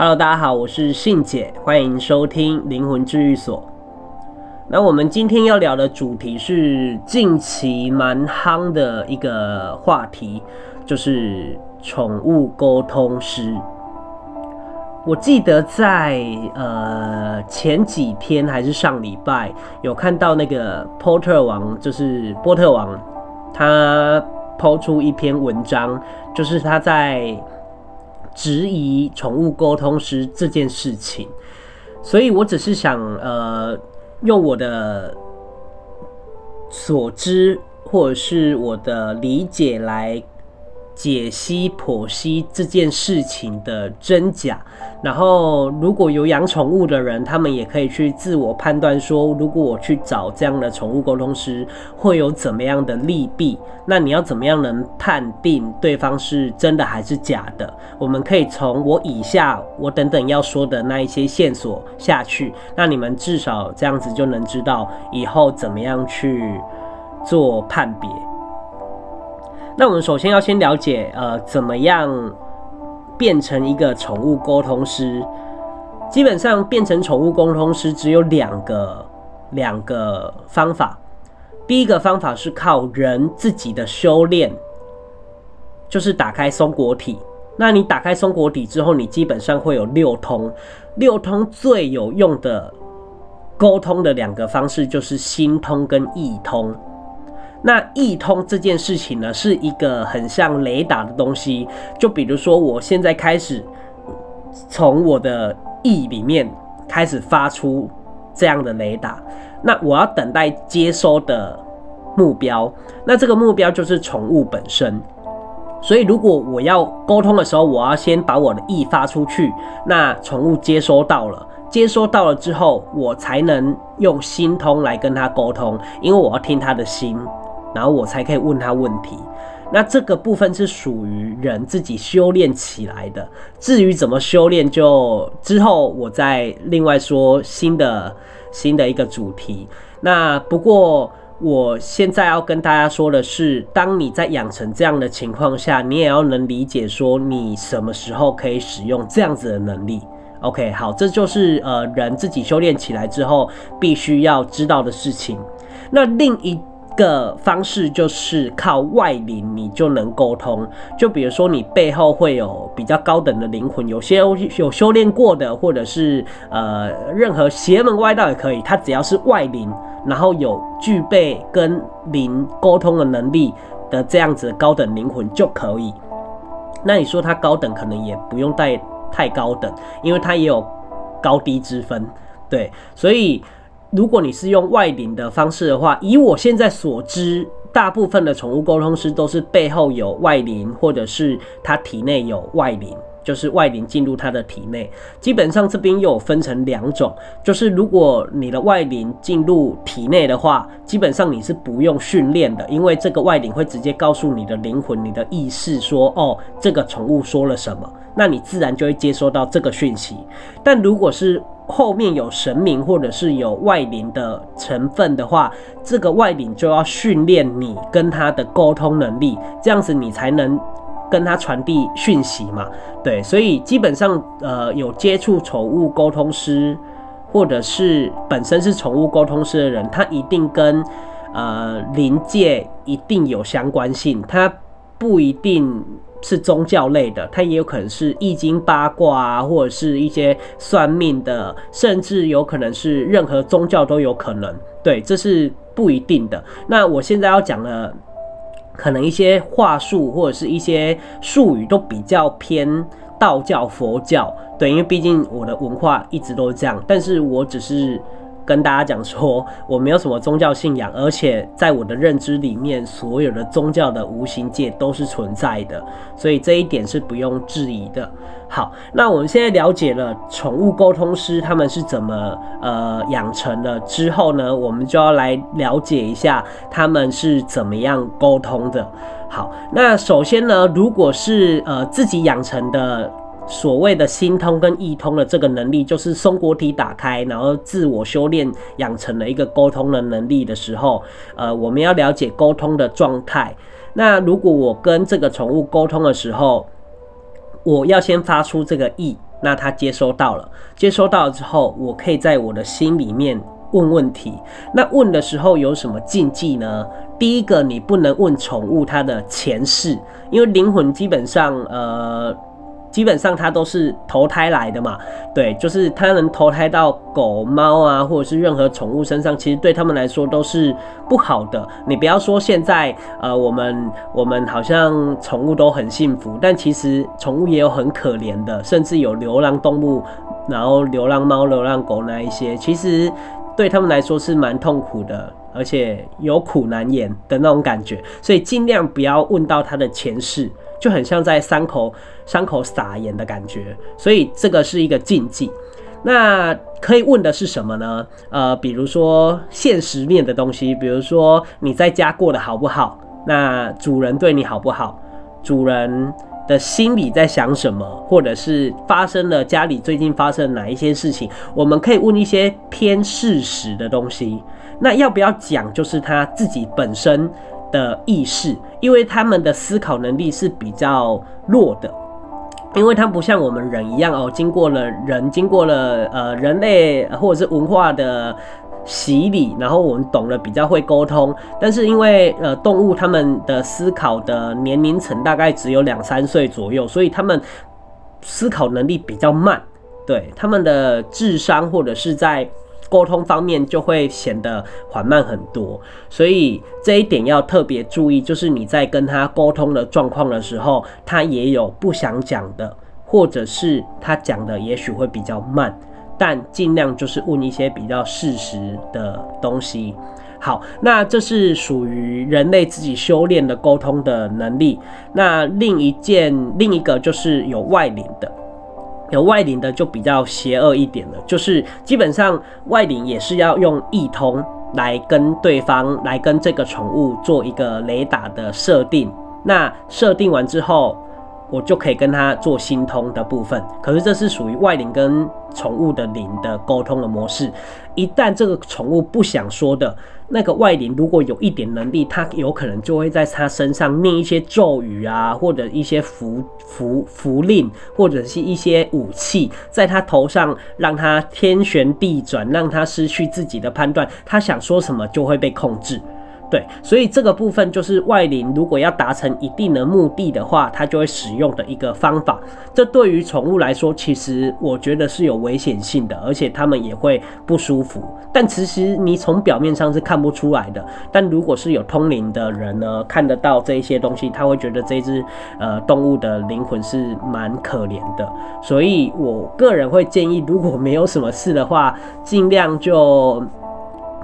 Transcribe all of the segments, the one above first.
Hello，大家好，我是信姐，歡迎收聽靈魂治癒所。那我們今天要聊的主題是近期蠻夯的一個話題，就是寵物溝通師。我記得在呃前幾天還是上禮拜，有看到那個波特王，就是波特王，他拋出一篇文章，就是他在。質疑寵物溝通師這件事情，所以我只是想，呃，用我的所知或者是我的理解來。解析剖析這件事情的真假，然後如果有養寵物的人，他們也可以去自我判斷說，如果我去找這樣的寵物溝通師，會有怎麼樣的利弊？那你要怎麼樣能判定對方是真的還是假的？我們可以從我以下我等等要說的那一些線索下去，那你們至少這樣子就能知道以後怎麼樣去做判別。那我們首先要先了解，呃，怎麼樣變成一個寵物溝通師？基本上變成寵物溝通師只有兩個兩個方法。第一個方法是靠人自己的修煉，就是打開松果體。那你打開松果體之後，你基本上會有六通。六通最有用的溝通的兩個方式就是心通跟意通。那意通這件事情呢，是一個很像雷達的東西。就比如說，我現在開始從我的意裡面開始發出這樣的雷達，那我要等待接收的目標，那這個目標就是寵物本身。所以，如果我要溝通的時候，我要先把我的意發出去，那寵物接收到了，接收到了之後，我才能用心通來跟他溝通，因為我要聽他的心。然後我才可以問他問題，那這個部分是屬於人自己修煉起來的。至於怎麼修煉就，就之後我再另外說新的新的一個主題。那不過我現在要跟大家說的是，當你在養成這樣的情況下，你也要能理解說你什麼時候可以使用這樣子的能力。OK，好，這就是呃人自己修煉起來之後必須要知道的事情。那另一。個方式就是靠外靈，你就能溝通。就比如說，你背後會有比較高等的靈魂，有些有修煉過的，或者是呃，任何邪門歪道也可以。他只要是外靈，然後有具備跟靈溝通的能力的這樣子高等靈魂就可以。那你說他高等，可能也不用帶太高等，因為他也有高低之分，對，所以。如果你是用外靈的方式的話，以我現在所知，大部分的寵物溝通師都是背後有外靈，或者是他體內有外靈，就是外靈進入他的體內。基本上這邊又有分成兩種，就是如果你的外靈進入體內的話，基本上你是不用訓練的，因為這個外靈會直接告訴你的靈魂、你的意識說：“哦，這個寵物說了什麼。”那你自然就會接收到這個訊息。但如果是後面有神明或者是有外靈的成分的話，這個外靈就要訓練你跟它的溝通能力，這樣子你才能跟它傳遞訊息嘛。對，所以基本上呃有接觸寵物溝通師或者是本身是寵物溝通師的人，他一定跟呃靈界一定有相關性，他不一定。是宗教類的，它也有可能是易經、八卦啊，或者是一些算命的，甚至有可能是任何宗教都有可能。對，這是不一定的。那我現在要講的，可能一些話術或者是一些術語都比較偏道教、佛教。對，因為畢竟我的文化一直都是這樣，但是我只是。跟大家講說，我沒有什麼宗教信仰，而且在我的認知裡面，所有的宗教的無形界都是存在的，所以這一點是不用質疑的。好，那我們現在了解了寵物溝通師他們是怎麼呃養成的之後呢，我們就要來了解一下他們是怎麼樣溝通的。好，那首先呢，如果是呃自己養成的。所謂的心通跟意通的這個能力，就是松果體打開，然後自我修煉養成了一個溝通的能力的時候，呃，我們要了解溝通的狀態。那如果我跟這個寵物溝通的時候，我要先發出這個意，那它接收到了，接收到了之後，我可以在我的心裡面問問題。那問的時候有什麼禁忌呢？第一個，你不能問寵物它的前世，因為靈魂基本上，呃。基本上它都是投胎來的嘛，對，就是它能投胎到狗、貓啊，或者是任何寵物身上，其實對他們來說都是不好的。你不要說現在，呃，我們我們好像寵物都很幸福，但其實寵物也有很可憐的，甚至有流浪動物，然後流浪貓、流浪狗那一些，其實對他們來說是蠻痛苦的，而且有苦難言的那種感覺，所以盡量不要問到它的前世。就很像在傷口傷口撒鹽的感覺，所以這個是一個禁忌。那可以問的是什麼呢？呃，比如說現實面的東西，比如說你在家過得好不好？那主人對你好不好？主人的心裡在想什麼？或者是發生了家裡最近發生了哪一些事情？我們可以問一些偏事實的東西。那要不要講？就是他自己本身的意識，因為他們的思考能力是比較弱的，因為它不像我們人一樣哦，經過了人經過了呃人類或者是文化的洗禮，然後我們懂得比較會溝通。但是因為呃動物它們的思考的年齡層大概只有兩三歲左右，所以他們思考能力比較慢，對。他們的智商或者是在。溝通方面就會顯得緩慢很多，所以這一點要特別注意，就是你在跟他溝通的狀況的時候，他也有不想講的，或者是他講的也許會比較慢，但儘量就是問一些比較事實的東西。好，那這是屬於人類自己修煉的溝通的能力。那另一件、另一個就是有外靈的。有外靈的就比較邪惡一點了，就是基本上外靈也是要用異通來跟對方、來跟這個寵物做一個雷達的設定，那設定完之後，我就可以跟他做心通的部分。可是這是屬於外靈跟寵物的靈的溝通的模式，一旦這個寵物不想說的。那個外靈如果有一點能力，他有可能就會在他身上念一些咒語啊，或者一些符符符令，或者是一些武器，在他頭上讓他天旋地轉，讓他失去自己的判斷，他想說什麼就會被控制。對，所以這個部分就是外靈，如果要達成一定的目的的話，它就會使用的一個方法。這對於寵物來說，其實我覺得是有危險性的，而且它們也會不舒服。但其實你從表面上是看不出來的。但如果是有通靈的人呢，看得到這一些東西，他會覺得這隻呃動物的靈魂是蠻可憐的。所以我個人會建議，如果沒有什麼事的話，盡量就。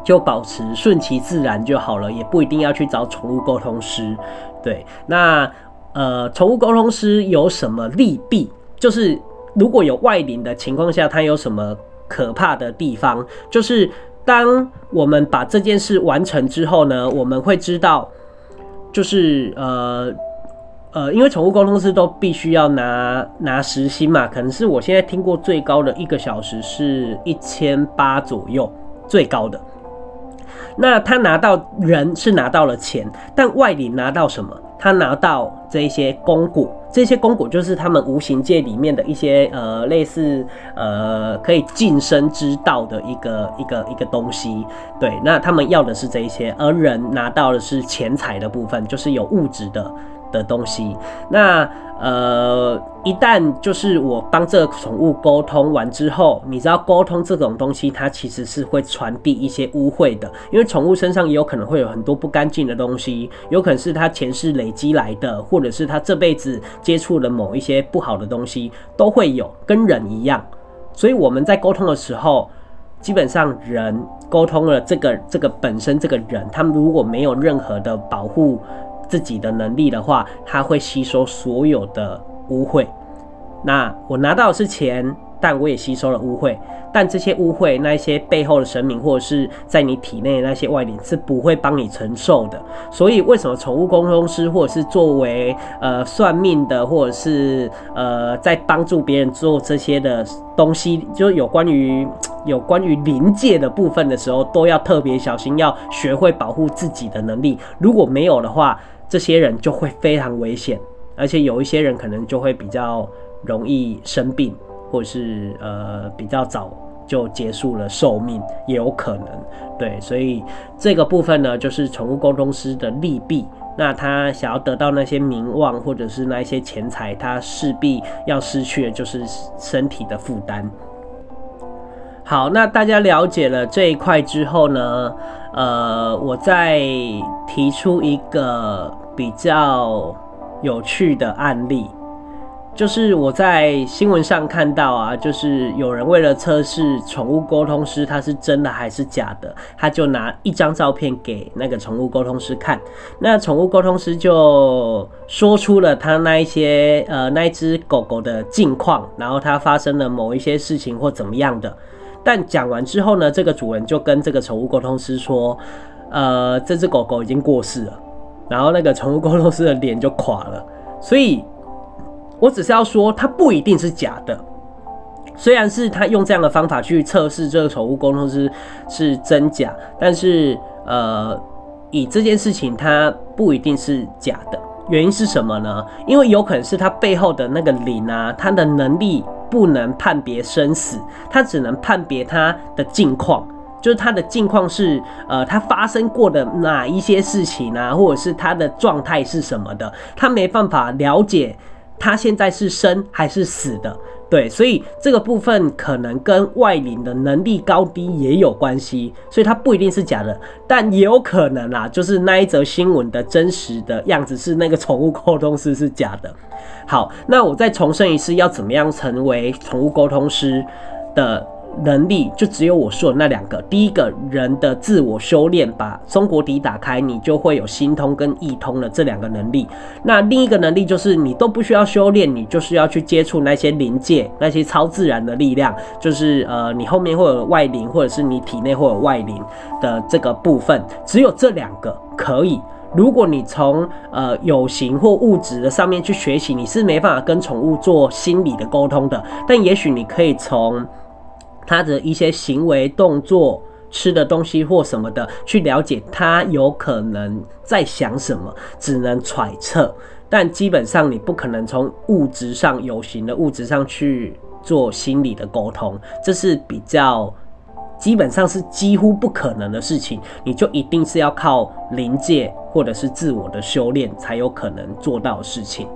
就保持順其自然就好了，也不一定要去找寵物溝通師。對，那呃，寵物溝通師有什麼利弊？就是如果有外靈的情況下，他有什麼可怕的地方？就是當我們把這件事完成之後呢，我們會知道，就是呃呃，因為寵物溝通師都必須要拿拿時薪嘛，可能是我現在聽過最高的一個小時是一千八左右，最高的。那他拿到人是拿到了錢，但外裡拿到什麼？他拿到這一些功果，這些功果就是他們無形界裡面的一些呃類似呃可以晉升之道的一個一個一個東西。對，那他們要的是這一些，而人拿到的是錢財的部分，就是有物質的。的東西，那呃，一旦就是我幫這個寵物溝通完之後，你知道溝通這種東西，它其實是會傳遞一些污穢的，因為寵物身上也有可能會有很多不乾淨的東西，有可能是它前世累積來的，或者是它這輩子接觸了某一些不好的東西，都會有跟人一樣。所以我們在溝通的時候，基本上人溝通了這個這個本身這個人，他們如果沒有任何的保護，自己的能力的話，它會吸收所有的污穢。那我拿到的是錢。但我也吸收了污穢，但這些污穢，那些背後的神明，或者是在你體內那些外力，是不會幫你承受的。所以，為什麼寵物溝通師，或者是作為呃算命的，或者是呃在幫助別人做這些的東西，就有關於有關於靈界的部分的時候，都要特別小心，要學會保護自己的能力。如果沒有的話，這些人就會非常危險，而且有一些人可能就會比較容易生病。或者是呃比較早就結束了壽命，也有可能。對，所以這個部分呢，就是寵物溝通師的利弊。那他想要得到那些名望，或者是那些錢財，他勢必要失去的就是身體的負擔。好，那大家了解了這一塊之後呢，呃，我再提出一個比較有趣的案例。就是我在新聞上看到啊，就是有人為了測試寵物溝通師他是真的還是假的，他就拿一張照片給那個寵物溝通師看，那寵物溝通師就說出了他那一些呃那一隻狗狗的近況，然後它發生了某一些事情或怎麼樣的，但講完之後呢，這個主人就跟這個寵物溝通師說，呃這隻狗狗已經過世了，然後那個寵物溝通師的臉就垮了，所以。我只是要說，它不一定是假的。雖然是他用這樣的方法去測試這個寵物溝通師是真假，但是呃，以這件事情，它不一定是假的。原因是什麼呢？因為有可能是他背後的那個靈啊，他的能力不能判別生死，他只能判別他的近況，就是他的近況是呃，他發生過的哪一些事情啊，或者是他的狀態是什麼的，他沒辦法了解。它現在是生還是死的？對，所以這個部分可能跟外靈的能力高低也有關係，所以它不一定是假的，但也有可能啦、啊，就是那一則新聞的真實的樣子是那個寵物溝通師是假的。好，那我再重申一次，要怎麼樣成為寵物溝通師的？能力就只有我說的那兩個，第一個人的自我修煉，把中國底打開，你就會有心通跟意通的這兩個能力。那另一個能力就是你都不需要修煉，你就是要去接觸那些靈界、那些超自然的力量，就是呃，你後面會有外靈，或者是你體內會有外靈的這個部分。只有這兩個可以。如果你從呃有形或物質的上面去學習，你是沒辦法跟寵物做心理的溝通的。但也許你可以從。他的一些行為動作、吃的東西或什麼的，去了解他有可能在想什麼，只能揣測。但基本上你不可能從物質上、有形的物質上去做心理的溝通，這是比較，基本上是幾乎不可能的事情。你就一定是要靠靈界或者是自我的修煉才有可能做到的事情。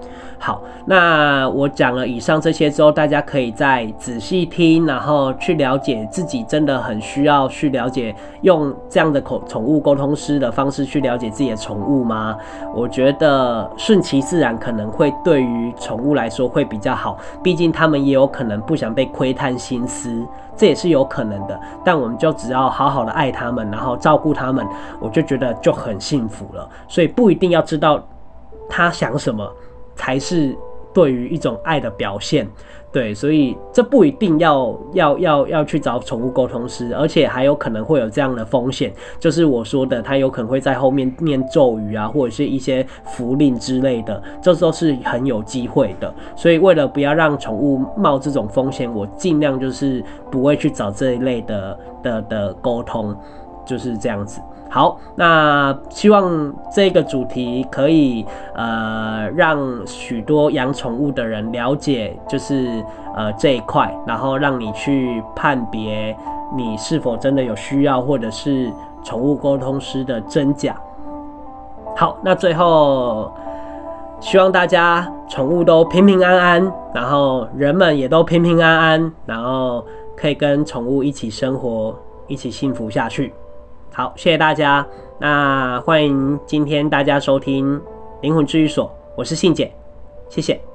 好，那我講了以上這些之後，大家可以再仔細聽，然後去了解自己，真的很需要去了解用這樣的口寵物溝通師的方式去了解自己的寵物嗎？我覺得順其自然可能會對於寵物來說會比較好，畢竟他們也有可能不想被窺探心思，這也是有可能的。但我們就只要好好的愛他們，然後照顧他們，我就覺得就很幸福了。所以不一定要知道他想什麼。才是對於一種愛的表現，對，所以這不一定要要要要去找寵物溝通師，而且還有可能會有這樣的風險，就是我說的，它有可能會在後面念咒語啊，或者是一些符令之類的，這都是很有機會的。所以為了不要讓寵物冒，冒這種風險，我盡量就是不會去找這一類的的的溝通，就是這樣子。好，那希望這個主題可以呃讓許多養寵物的人了解，就是呃這一塊，然後讓你去判別你是否真的有需要，或者是寵物溝通師的真假。好，那最後希望大家寵物都平平安安，然後人們也都平平安安，然後可以跟寵物一起生活，一起幸福下去。好，謝謝大家。那歡迎今天大家收聽《靈魂治癒所》，我是信姐，謝謝。